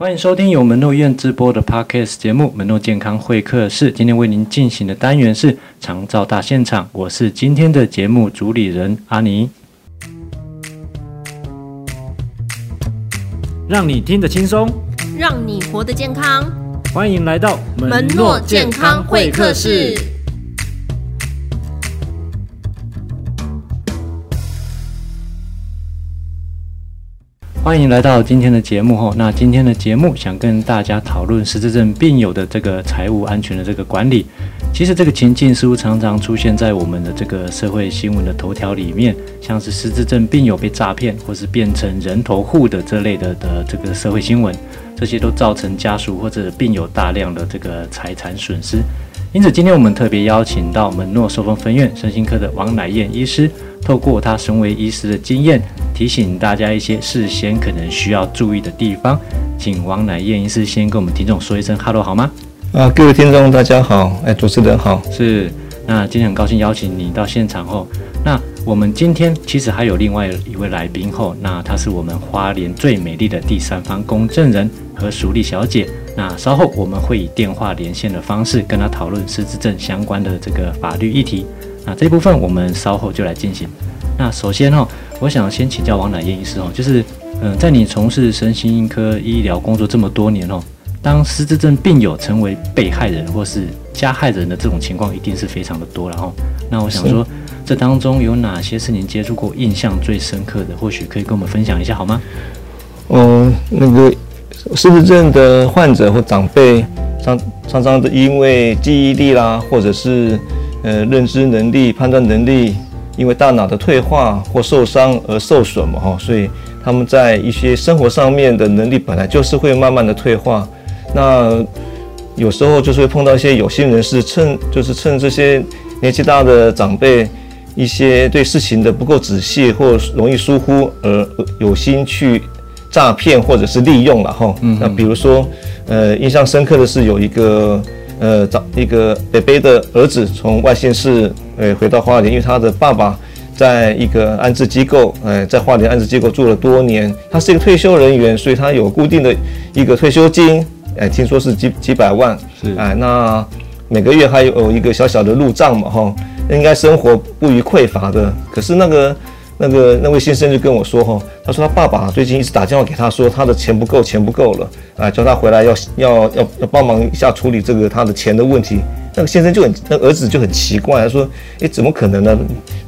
歡迎收聽由門諾醫院直播的 Podcast 節目《門諾健康會客室》。今天為您進行的單元是“長照大現場”，我是今天的節目主理人阿妮，讓你聽得輕鬆，讓你活得健康。歡迎來到門諾健康會客室。歡迎來到今天的節目，那今天的節目想跟大家討論失智症病友的這個財務安全的這個管理。其實這個情境似乎常常出現在我們的這個社會新聞的頭條裡面，像是失智症病友被詐騙或是變成人頭戶的這類的的這個社會新聞，這些都造成家屬或者病友大量的這個財產損失。因此今天我們特別邀請到門諾壽豐分院身心科的王迺燕醫師，透過他身為醫師的經驗。提醒大家一些事先可能需要注意的地方，請王迺燕醫師先跟我們聽眾說一聲哈嘍，好嗎？啊，各位聽眾大家好，哎，主持人好，是。那今天很高興邀請你到現場後、哦，那我們今天其實還有另外一位來賓後、哦，那她是我們花蓮最美麗的第三方公證人何叔孋小姐。那稍後我們會以電話連線的方式跟她討論失智症相關的這個法律議題。那這一部分我們稍後就來進行。那首先哦。我想先請教王迺燕醫師哦，就是，嗯，在你從事身心科醫療工作這麼多年哦，當失智症病友成為被害人或是加害人的這種情況一定是非常的多，然後，那我想說，是這當中有哪些是您接觸過印象最深刻的，或許可以跟我們分享一下好嗎？哦、呃，那個失智症的患者，或長輩，常常常因為記憶力啦，或者是，呃，認知能力、判斷能力。因為大腦的退化或受傷而受損嘛，哈，所以他們在一些生活上面的能力本來就是會慢慢的退化。那有時候就是會碰到一些有心人士趁，趁，就是趁這些年紀大的長輩一些對事情的不夠仔細或容易疏忽而有心去詐騙或者是利用了，哈、嗯哼。那比如說，呃，印象深刻的是有一個呃長一個北北的兒子從外縣市。哎，回到花蓮，因為他的爸爸在一個安置機構，哎，在花蓮安置機構住了多年。他是一個退休人員，所以他有固定的，一個退休金，哎，聽說是幾幾百萬，是哎，那每個月還有一個小小的入賬嘛，哈，應該生活不虞匱乏的。可是那個。那個那位先生就跟我說哈，他說他爸爸最近一直打電話給他說，他的錢不夠，錢不夠了啊、哎，叫他回來要要要幫忙一下處理這個他的錢的問題。那個先生就很，那個，兒子就很奇怪，他說，誒、欸，怎麼可能呢？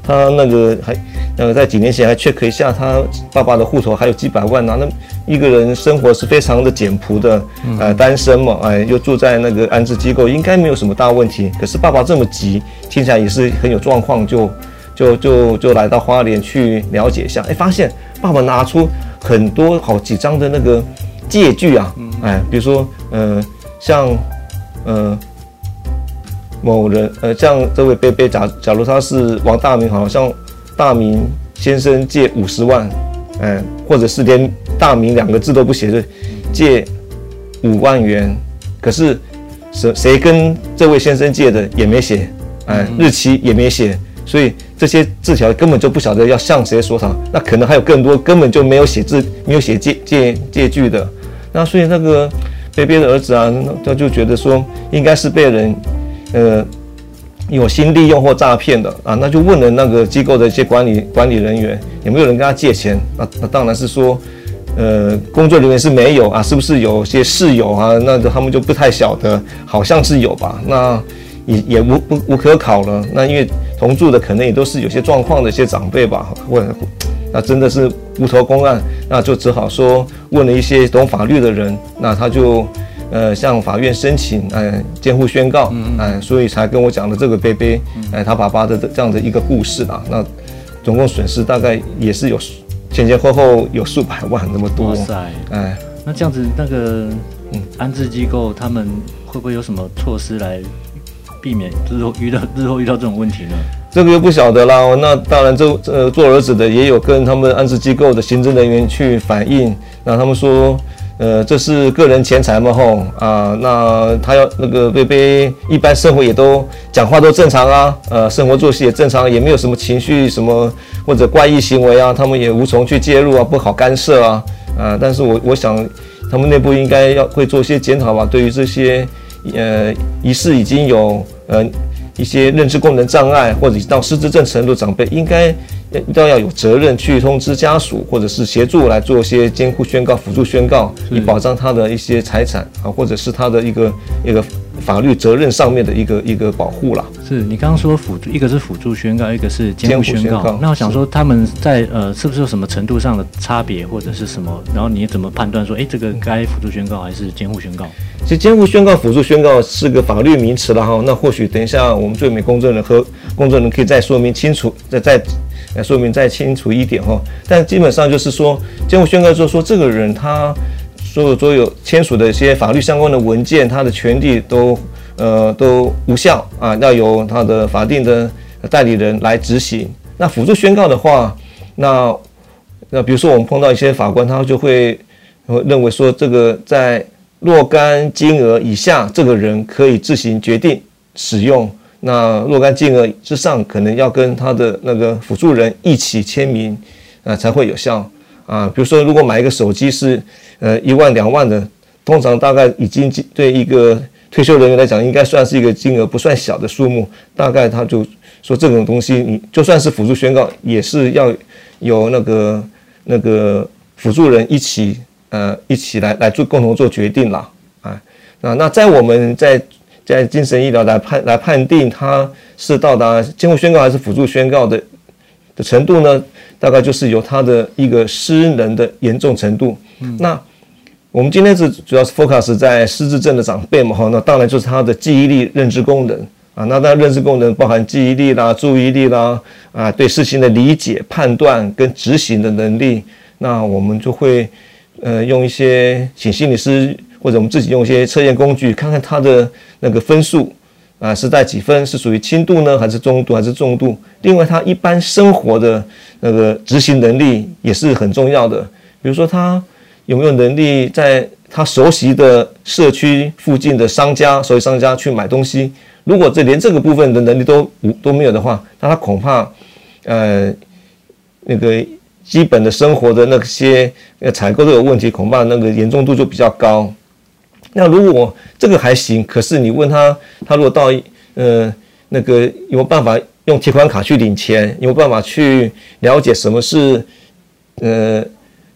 他那個還那個在幾年前還 check 一下他爸爸的戶頭還有幾百萬呢，啊，那一個人生活是非常的簡樸的，呃、哎，單身嘛，哎，又住在那個安置機構，應該沒有什麼大問題。可是爸爸這麼急，聽起來也是很有狀況就。就就就來到花蓮去了解一下，哎，發現爸爸拿出很多好幾張的那個借據啊，嗯、哼哎，比如說，呃，像，呃，某人，呃，像這位伯伯，假假如他是王大明，好像大明先生借五十萬，嗯、哎，或者是連大明兩個字都不寫就借五萬元，可是誰誰跟這位先生借的也沒寫，哎，嗯、哼日期也沒寫，所以。這些字條根本就不曉得要向誰索償，那可能還有更多根本就沒有寫字、沒有寫借借借據的。那所以那個被逼的兒子啊，他就覺得說應該是被人呃有心利用或詐騙的啊，那就問了那個機構的一些管理管理人員有沒有人跟他借錢？那那當然是說呃工作人員是沒有啊，是不是有些室友啊？那他們就不太曉得，好像是有吧？那也也無無可考了。那因為。同住的可能也都是有些狀況的一些長輩吧？問，那真的是無頭公案，那就只好說，問了一些懂法律的人。那他就呃向法院申請哎監護宣告，哎、呃，所以才跟我講了這個杯杯、呃。哎他爸爸的這樣的一個故事啊。那總共損失大概也是有前前後後有數百萬那麼多。哇塞！哎、呃，那這樣子那個嗯安置機構他們會不會有什麼措施來？避免之後遇到日後遇到這種問題呢？這個又不曉得啦。那當然，這呃做兒子的也有跟他們安置機構的行政人員去反映。那他們說，呃，這是個人錢財嘛，吼、哦、啊、呃，那他要那個貝貝一般生活也都講話都正常啊，呃，生活作息也正常，也沒有什麼情緒什麼或者怪異行為啊。他們也無從去介入啊，不好干涉啊。啊、呃，但是我我想，他們內部應該要會做一些檢討吧、啊。對於這些。呃，疑似已經有呃一些認知功能障礙，或者到失智症程度，長輩應該要要要有責任去通知家屬，或者是協助來做一些監護宣告、輔助宣告，以保障他的一些財產啊，或者是他的一個一個。法律責任上面的一個一個保護啦。是你剛剛說輔助，一個是輔助宣告，一個是監護宣告。宣告，那我想說，他們在是呃，是不是有什麼程度上的差別，或者是什麼？然後你怎麼判斷說，誒這個該輔助宣告還是監護宣告？其實監護宣告、輔助宣告是個法律名詞了哈、哦。那或許等一下我們最美公證人和公證人可以再說明清楚，再再說明再清楚一點哈、哦。但基本上就是說，監護宣告就是說這個人他。所有所有簽署的一些法律相關的文件，他的權利都呃都無效啊，要由他的法定的代理人來執行。那輔助宣告的話，那那比如說我們碰到一些法官，他就會認為說，這個在若干金額以下，這個人可以自行決定使用；那若干金額之上，可能要跟他的那個輔助人一起簽名，呃、啊、才會有效。啊，比如說，如果買一個手機是，呃，一萬兩萬的，通常大概已經對一個退休人員來講，應該算是一個金額不算小的數目。大概他就說，這種東西你就算是輔助宣告，也是要有那個那個輔助人一起，呃，一起來來做共同做決定了。啊，那那在我們在在精神醫療來判來判定他是到達監護宣告還是輔助宣告的程度呢，大概就是由他的一個失能的嚴重程度。嗯。那我們今天是主要是 focus 在失智症的長輩嘛，那當然就是他的記憶力、認知功能啊。那當然認知功能包含記憶力啦、注意力啦啊，對事情的理解、判斷跟執行的能力。那我們就會呃用一些請心理師或者我們自己用一些測驗工具，看看他的那個分數。啊、呃，是在幾分？是屬於輕度呢，還是中度，還是重度？另外，他一般生活的那個執行能力也是很重要的。比如說，他有沒有能力在他熟悉的社區附近的商家，所以商家去買東西？如果這連這個部分的能力都都沒有的話，那他，他恐怕，呃，那個基本的生活的那些、那個、採購都有問題，恐怕那個嚴重度就比較高。那如果這個還行，可是你問他，他如果到呃，那個有沒有辦法用提款卡去領錢，有沒有辦法去了解什麼是呃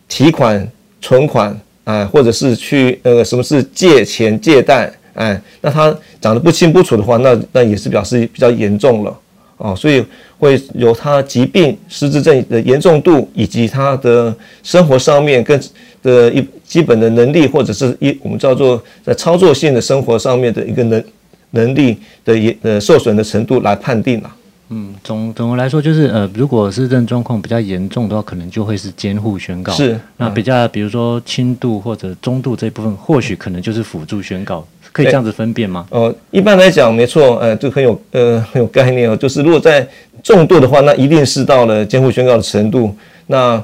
提款存款啊、呃，或者是去那個、呃、什麼是借錢借貸，哎、呃，那他講得不清不楚的話，那那也是表示比較嚴重了。哦，所以會由他疾病失智症的嚴重度，以及他的生活上面跟的一基本的能力，或者是一我們叫做在操作性的生活上面的一個能能力的呃受損的程度來判定啦、啊。嗯，總總的來說就是呃，如果失智症狀況比較嚴重的話，可能就會是監護宣告。是，嗯、那比較比如說輕度或者中度這一部分，或許可能就是輔助宣告。可以這樣子分辨嗎？欸、哦，一般來講沒錯，哎、呃，就很有呃很有概念哦。就是如果在重度的話，那一定是到了監護宣告的程度。那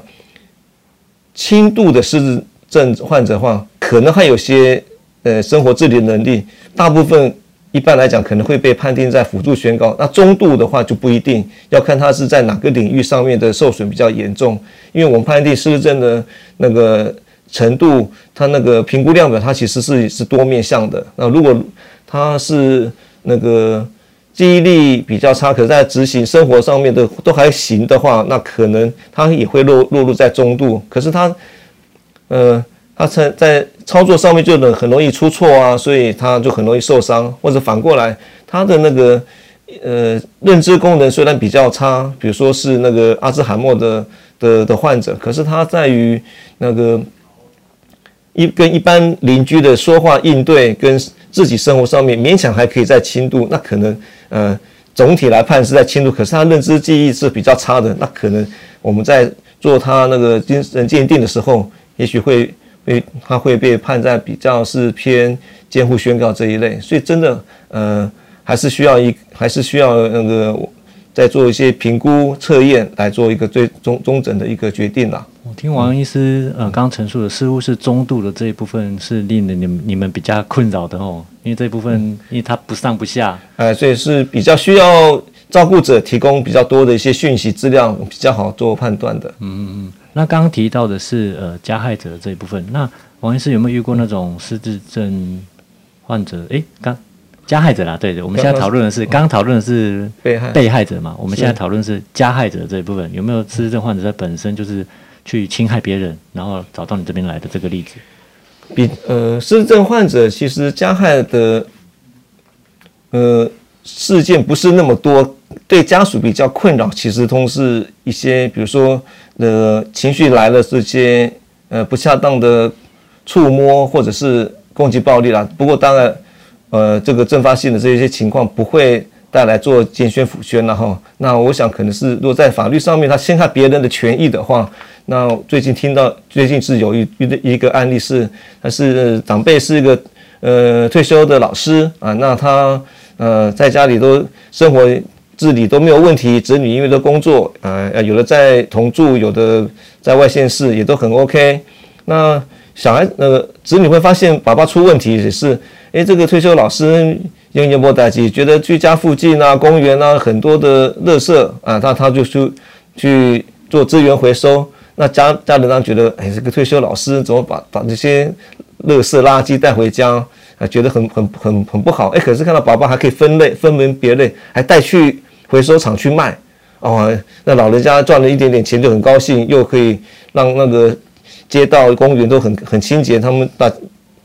輕度的失智症患者的話，可能還有些呃生活自理能力。大部分、嗯、一般來講可能會被判定在輔助宣告。那中度的話就不一定，要看他是在哪個領域上面的受損比較嚴重，因為我們判定失智症的那個。程度，他那個評估量表，它其實是是多面向的。那如果他是那個記憶力比較差，可是在執行生活上面的都還行的話，那可能他也會落落入在中度。可是他，呃，他在在操作上面就很容易出錯啊，所以他就很容易受傷，或者反過來，他的那個呃認知功能雖然比較差，比如說是那個阿茲海默的的的患者，可是他在於那個，一跟一般鄰居的說話應對，跟自己生活上面勉強還可以在輕度，那可能，呃，總體來判是在輕度。可是他認知記憶是比較差的，那可能我們在做他那個精神鑑定的時候，也許會會他會被判在比較是偏監護宣告這一類。所以真的，呃，還是需要一，還是需要那個。再做一些評估測驗，來做一個最終終診的一個決定啦。我聽王醫師、嗯、呃剛陳述的，似乎是中度的這一部分是令人你們、你們比較困擾的哦，因為這一部分、嗯、因為它不上不下，呃，所以是比較需要照顧者提供比較多的一些訊息，質量比較好做判斷的。嗯嗯嗯。那剛剛提到的是呃加害者的這一部分，那王醫師有沒有遇過那種失智症患者？哎、欸，剛。加害者啦，對的。我們現在討論的是，剛剛，剛剛討論的是被害者嘛，被害我們現在討論的是加害者這一部分，是有沒有失智症患者，他本身就是去侵害別人，嗯、然後找到你這邊來的這個例子？比呃，失智症患者其實加害的呃事件不是那麼多，對家屬比較困擾，其實都是一些，比如說呃情緒來了這些呃不恰當的觸摸或者是攻擊暴力啦。不過當然。呃，這個陣發性的這些情況不會帶來做監宣、輔宣了哈。那我想可能是，如果在法律上面他侵害別人的權益的話，那最近聽到最近是有一一一個案例是，他是長輩是一個呃退休的老師啊，那他呃在家裡都生活自理都沒有問題，子女因為都工作啊，有的在同住，有的在外縣市也都很 OK。那小孩那個、呃、子女會發現爸爸出問題也是，哎，這個退休老師用煙波代機，覺得居家附近啊、公園啊很多的垃圾，啊，他他就去去做資源回收。那家家人呢覺得，哎，這個退休老師怎麼把把這些垃圾垃圾帶回家啊？覺得很很很很不好。哎，可是看到爸爸還可以分類，分門別類，還帶去回收場去賣哦，那老人家賺了一點點錢就很高興，又可以讓那個。街道、公園都很很清潔，他們大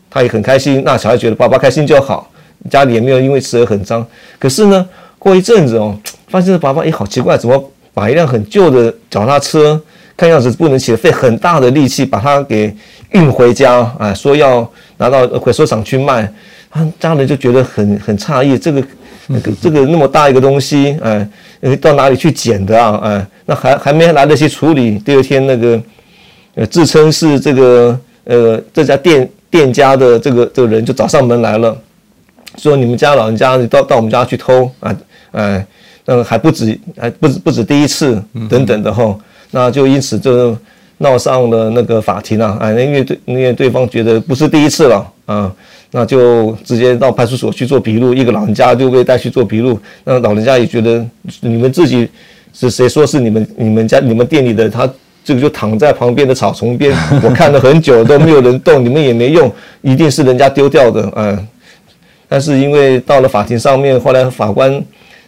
他也很開心。那小孩覺得爸爸開心就好，家裡也沒有因為此而很髒。可是呢，過一陣子哦，發現爸爸咦、欸、好奇怪，怎麼把一輛很舊的腳踏車，看樣子不能騎，費很大的力氣把它給運回家？哎，說要拿到回收廠去賣。他、啊、家人就覺得很很詫異，這個這個那麼大一個東西，哎到哪裡去撿的啊？哎，那還還沒來得及處理，第二天那個。呃，自稱是這個呃這家店店家的這個這個人就找上門來了，說你們家老人家你到到我們家去偷啊，哎，那、哎、還不止，還不止不止第一次，等等的吼，那就因此就鬧上了那個法庭了啊，哎，因為對因為對方覺得不是第一次了啊，那就直接到派出所去做筆錄，一個老人家就被帶去做筆錄，那老人家也覺得你們自己是誰說是你們你們家你們店裡的他。這個就躺在旁邊的草叢邊，我看了很久都沒有人動，你們也沒用，一定是人家丟掉的，嗯、呃。但是因為到了法庭上面，後來法官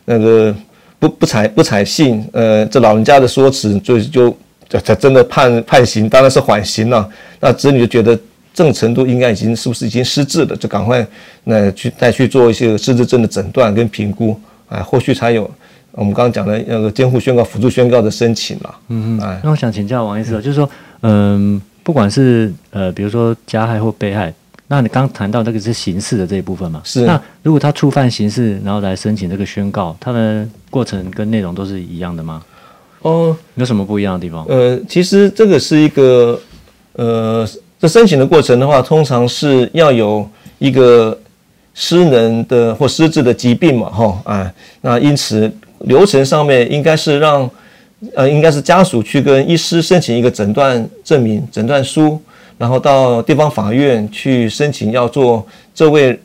那個不不採不採信，呃，這老人家的說辭就，就就才真的判判刑，當然是緩刑了，啊。那子女就覺得這種程度應該已經是不是已經失智了，就趕快那、呃、去再去做一些失智症的診斷跟評估，啊，呃，後續才有。我們剛剛講的那個監護宣告、輔助宣告的申請嘛，嗯嗯，那我想請教王醫師，就是說，嗯，不管是呃，比如說加害或被害，那你剛談到那個是刑事的這一部分嘛，是，那如果他觸犯刑事，然後來申請這個宣告，他的過程跟內容都是一樣的嗎？哦，有什麼不一樣的地方？呃，其實這個是一個，呃，這申請的過程的話，通常是要有一個失能的或失智的疾病嘛，哈，啊，哎，那因此。流程上面應該是讓，呃，應該是家屬去跟醫師申請一個診斷證明、診斷書，然後到地方法院去申請要做這位，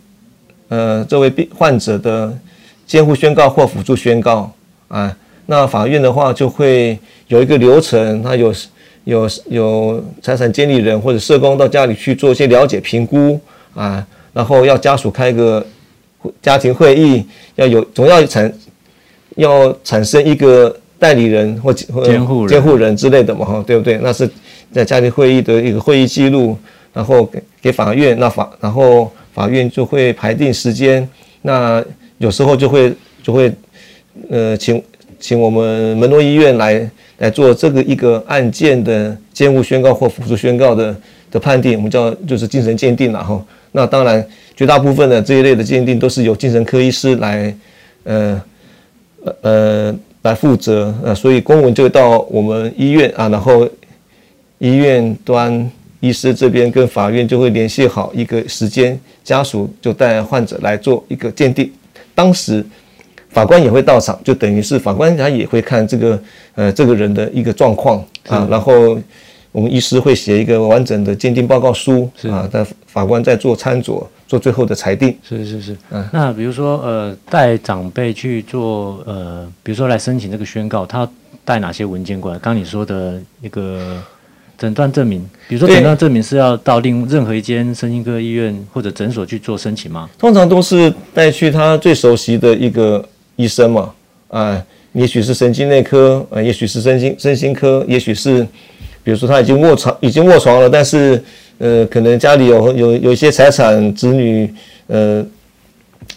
呃，這位病患者的監護宣告或輔助宣告啊。那法院的話就會有一個流程，他有有有財產監理人或者社工到家裡去做一些了解評估啊，然後要家屬開個家庭會議，要有總要一層。要產生一個代理人或監護監護人之類的嘛，對不對？那是在家庭會議的一個會議記錄，然後給給法院，那法然後法院就會排定時間。那有時候就會就會呃請請我們門諾醫院來來做這個一個案件的監護宣告或輔助宣告的的判定，我們叫就是精神鑑定了哈。那當然，絕大部分的這一類的鑑定都是由精神科醫師來呃。呃，來負責、呃、所以公文就到我們醫院啊，然後醫院端醫師這邊跟法院就會聯繫好一個時間，家屬就帶患者來做一個鑑定。當時法官也會到場，就等於是法官他也會看這個呃這個人的一個狀況啊，是的 然後我們醫師會寫一個完整的鑑定報告書是的 啊，但法官在做參照，做最後的裁定是是是。嗯，那比如說呃，帶長輩去做呃，比如說來申請這個宣告，他帶哪些文件過來？剛你說的一個診斷證明，比如說診斷證明是要到另對任何一間身心科醫院或者診所去做申請嗎？通常都是帶去他最熟悉的一個醫生嘛，啊、呃，也許是神經內科，呃，也許是身心，身心科，也許是。比如說，他已經臥床，已經臥床了，但是，呃，可能家裡有有有一些財產，子女，呃，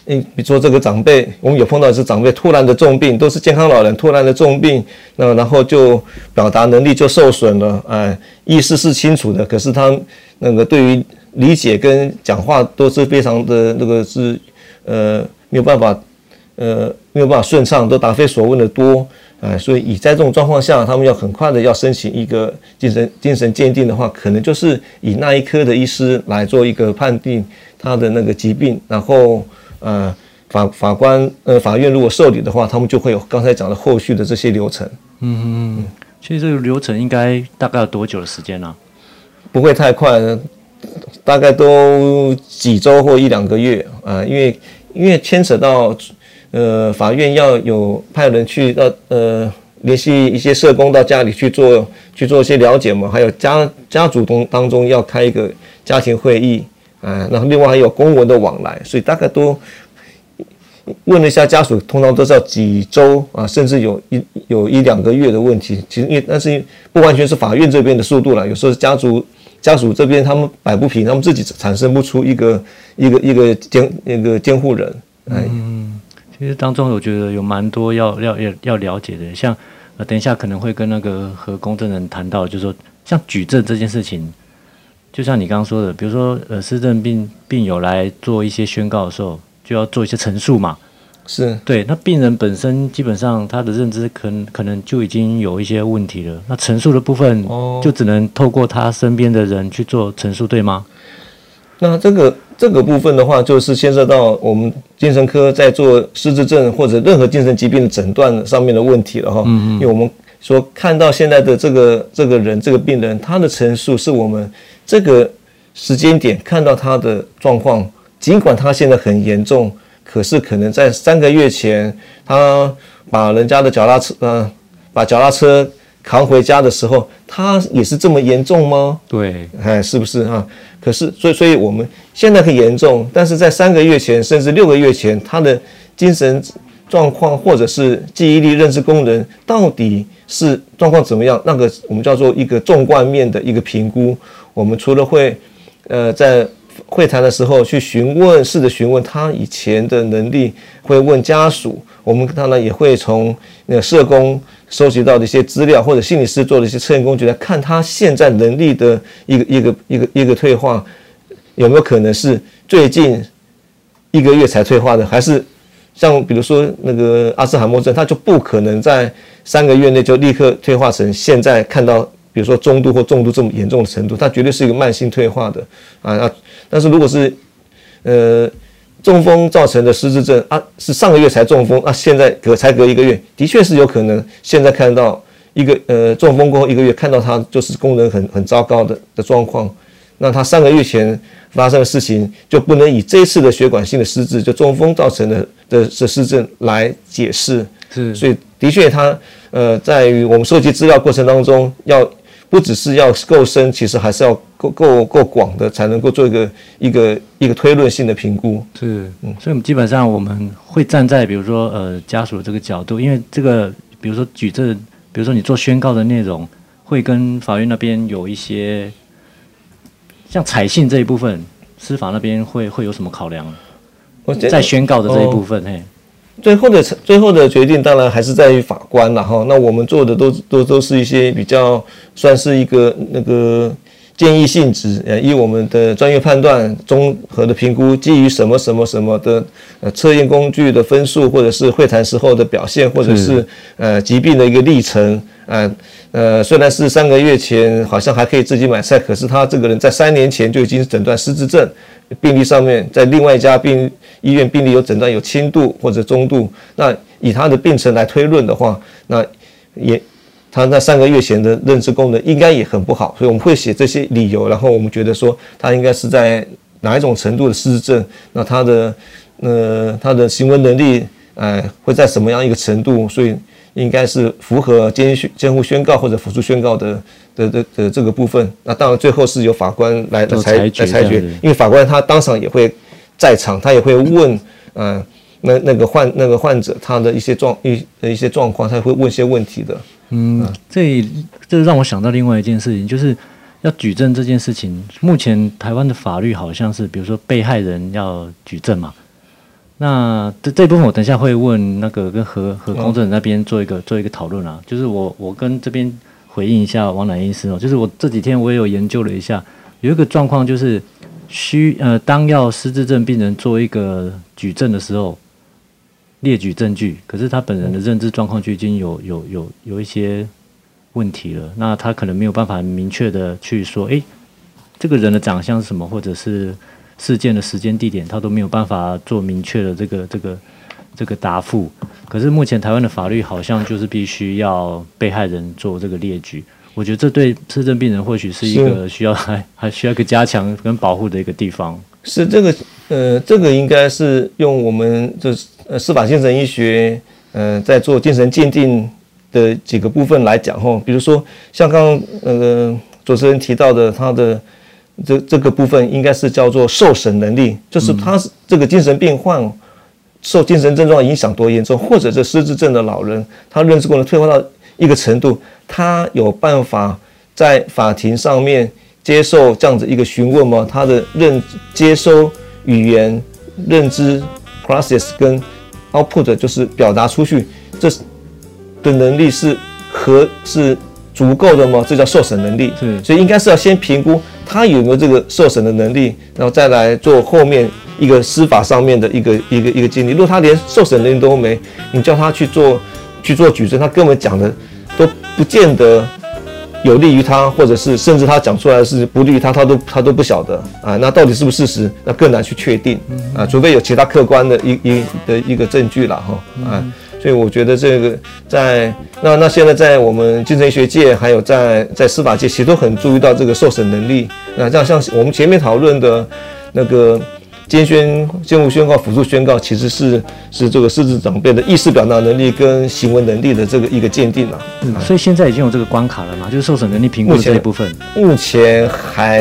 比比如說這個長輩，我們有碰到也是長輩突然的重病，都是健康老人突然的重病，那然後就表達能力就受損了，哎，意識是清楚的，可是他那個對於理解跟講話都是非常的那、這個是呃沒有辦法。呃，沒有辦法順暢，都答非所問的多，呃，所以以在這種狀況下，他們要很快的要申請一個精神精神鑑定的話，可能就是以那一科的醫師來做一個判定他的那個疾病，然後呃，法法官呃法院如果受理的話，他們就會有剛才講的後續的這些流程。嗯，其實這個流程應該大概要多久的時間呢、啊？不會太快，呃，大概都幾周或一兩個月啊、呃，因為因為牽扯到。呃,法院要有派人去到呃聯繫一些社工到家裡去做去做一些了解嘛，還有家家族當當中要開一個家庭會議啊、哎，然後另外還有公文的往來，所以大概都問了一下家屬，通常都是要幾周啊，甚至有一有一兩個月的問題。其實因為但是不完全是法院這邊的速度啦，有時候是家族家屬這邊他們擺不平，他們自己產生不出一個一個一個監那個監護人，哎。嗯其實當中，我覺得有蠻多要要要要了解的，像呃，等一下可能會跟那個何公證人談到，就是說像舉證這件事情，就像你剛剛說的，比如說呃，失智病病友來做一些宣告的時候，就要做一些陳述嘛，是對。那病人本身基本上他的認知可能可能就已經有一些問題了，那陳述的部分就只能透過他身邊的人去做陳述，哦、對嗎？那這個這個部分的話，就是牽涉到我們精神科在做失智症或者任何精神疾病的診斷上面的問題了哈。嗯、哼因為我們說看到現在的這個這個人這個病人，他的陳述是我們這個時間點看到他的狀況，儘管他現在很嚴重，可是可能在三個月前，他把人家的腳踏車，嗯、呃，把腳踏車。扛回家的時候，他也是這麼嚴重嗎？對，哎，是不是啊？可是，所以，所以我們現在很嚴重，但是在三個月前，甚至六個月前，他的精神狀況或者是記憶力、認知功能到底是狀況怎麼樣？那個我們叫做一個縱貫面的一個評估。我們除了會，呃，在會談的時候去詢問，試着詢問他以前的能力，會問家屬。我們當然也會從那個社工收集到的一些資料，或者心理師做的一些測驗工具來看他現在能力的一個一個一個一個退化，有沒有可能是最近一個月才退化的，還是像比如說那個阿茲海默症，他就不可能在三個月內就立刻退化成現在看到，比如說中度或重度這麼嚴重的程度，他絕對是一個慢性退化的，啊，那但是如果是呃、中風造成的失智症啊，是上個月才中風啊，現在隔才隔一個月，的確是有可能。現在看到一個呃，中風過後一個月，看到他就是功能很很糟糕的的狀況，那他上個月前發生的事情就不能以這次的血管性的失智，就中風造成的的失智症來解釋。是所以的確他呃，在於我們收集資料過程當中要。不只是要夠深，其實還是要夠夠夠廣的，才能夠做一個一個一個推論性的評估。對是，嗯，所以基本上我們會站在比如說呃家屬這個角度，因為這個比如說舉證、這個，比如說你做宣告的內容，會跟法院那邊有一些像採信這一部分，司法那邊會會有什麼考量？在宣告的這一部分，哦最後的最後的決定當然還是在於法官了哈。那我們做的都都都是一些比較算是一個那個建議性質，呃，以我們的專業判斷、綜合的評估，基於什麼什麼什麼的呃測驗工具的分數，或者是會談時候的表現，或者是呃疾病的一個歷程呃，呃，雖然是三個月前好像還可以自己買菜，可是他這個人在三年前就已經診斷失智症，病歷上面在另外一家病。醫院病歷，有診斷有輕度或者中度，那以他的病程來推論的話，那也他那三個月前的認知功能應該也很不好，所以我們會寫這些理由，然後我們覺得說他應該是在哪一種程度的失智症，那他的呃他的行為能力哎、呃、會在什麼樣一個程度，所以應該是符合監護監護宣告或者輔助宣告的的的的這個部分。那當然最後是由法官來裁來裁決，因為法官他當場也會。在場，他也會問，嗯、呃，那那個患那個患者他的一些狀一一些狀況，他也會問一些問題的。嗯，嗯這這讓我想到另外一件事情，就是要舉證這件事情。目前台灣的法律好像是，比如說被害人要舉證嘛。那這這部分我等一下會問那個跟何何公證人那邊做一個、嗯、做一個討論啊。就是我我跟這邊回應一下王迺醫師哦，就是我這幾天我也有研究了一下，有一個狀況就是。需呃，當要失智症病人做一個舉證的時候，列舉證據，可是他本人的認知狀況就已經有有有有一些問題了，那他可能沒有辦法明確的去說，哎，這個人的長相是什麼，或者是事件的時間地點，他都沒有辦法做明確的這個這個這個答覆可是目前台灣的法律好像就是必須要被害人做這個列舉。我覺得這對失智症病人或許是一個需要還還需要一個加強跟保護的一個地方。是這個，呃，這個應該是用我們就是、呃、司法精神醫學，呃，在做精神鑑定的幾個部分來講吼、哦，比如說，像剛剛那個、呃、主持人提到的，他的這這個部分應該是叫做受審能力，就是他是這個精神病患受精神症狀影響多嚴重，嗯、或者這失智症的老人，他認知功能退化到。一個程度，他有辦法在法庭上面接受這樣子一個詢問嗎？他的認接收語言認知 process 跟 output 就是表達出去，這的能力是和是足夠的嗎？這叫受審能力。是所以應該是要先評估他有沒有這個受審的能力，然後再來做後面一個司法上面的一個一個一個經歷。如果他連受審能力都沒，你叫他去做。去做舉證，他根本講的都不見得有利於他，或者是甚至他講出來是不利於他，他都他都不曉得啊。那到底是不是事實，那更難去確定啊。除非有其他客觀的一一的一個證據了哈啊。所以我覺得這個在那那現在在我們精神醫學界，還有在在司法界，其實都很注意到這個受審能力。那，啊，像像我們前面討論的那個。監宣、監護宣告、輔助宣告，其實是是這個失智長輩的意識表達能力跟行為能力的這個一個鑑定啊，嗯，所以現在已經有這個關卡了嘛，就是受損能力評估的這一部分。目前，目前還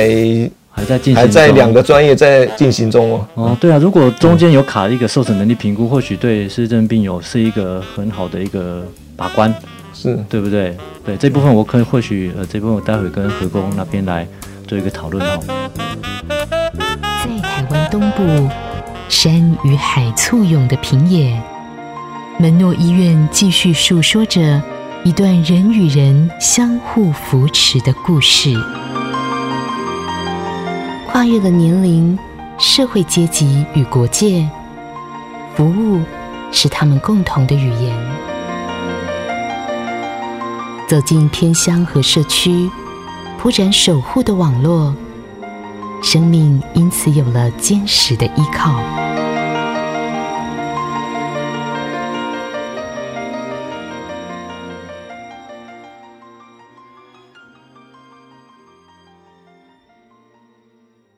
還在進行還在兩個專業在進行中哦。哦，對啊，如果中間有卡一個受損能力評估，嗯、或許對失智症病友是一個很好的一個把關，是對不對？對這部分我可以或許呃這部分我待會跟何工那邊來做一個討論哈。東部山與海簇擁的平野，門諾醫院繼續述說着一段人與人相互扶持的故事。跨越了年齡、社會階級與國界，服務是他們共同的語言。走進偏鄉和社區，鋪展守護的網絡。生命因此有了堅實的依靠。